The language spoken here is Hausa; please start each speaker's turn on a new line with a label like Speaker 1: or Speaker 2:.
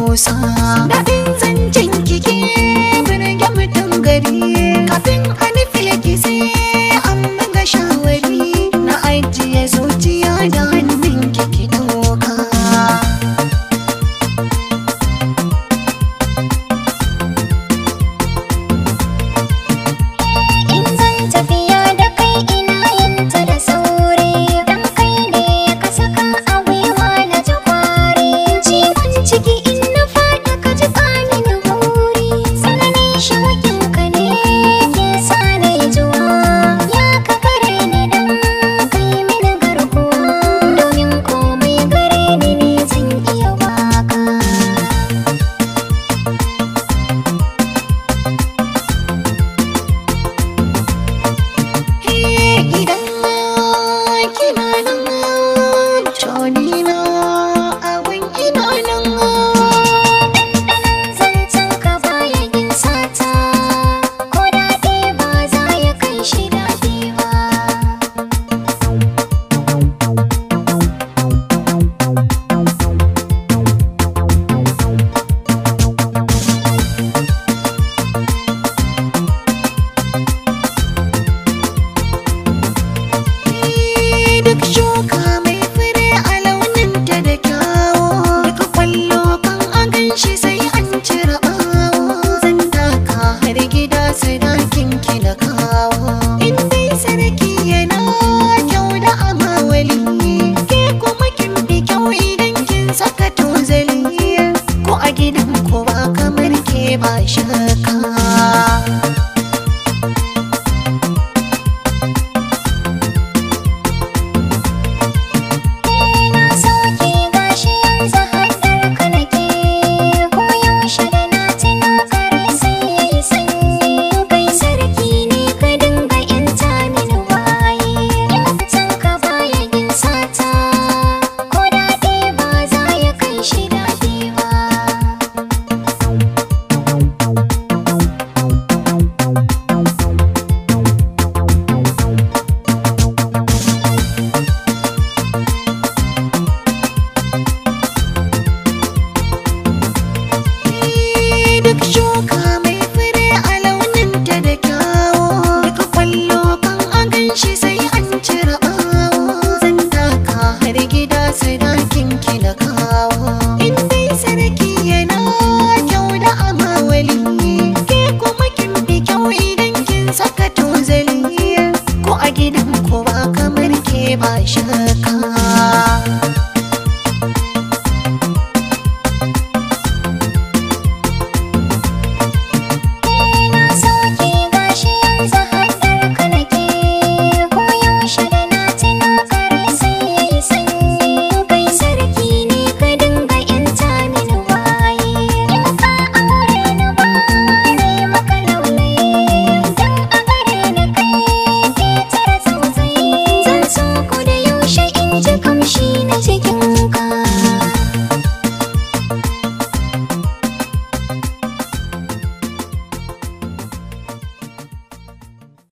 Speaker 1: kusa daɗin zancen kike birge mutum gari kafin ana should call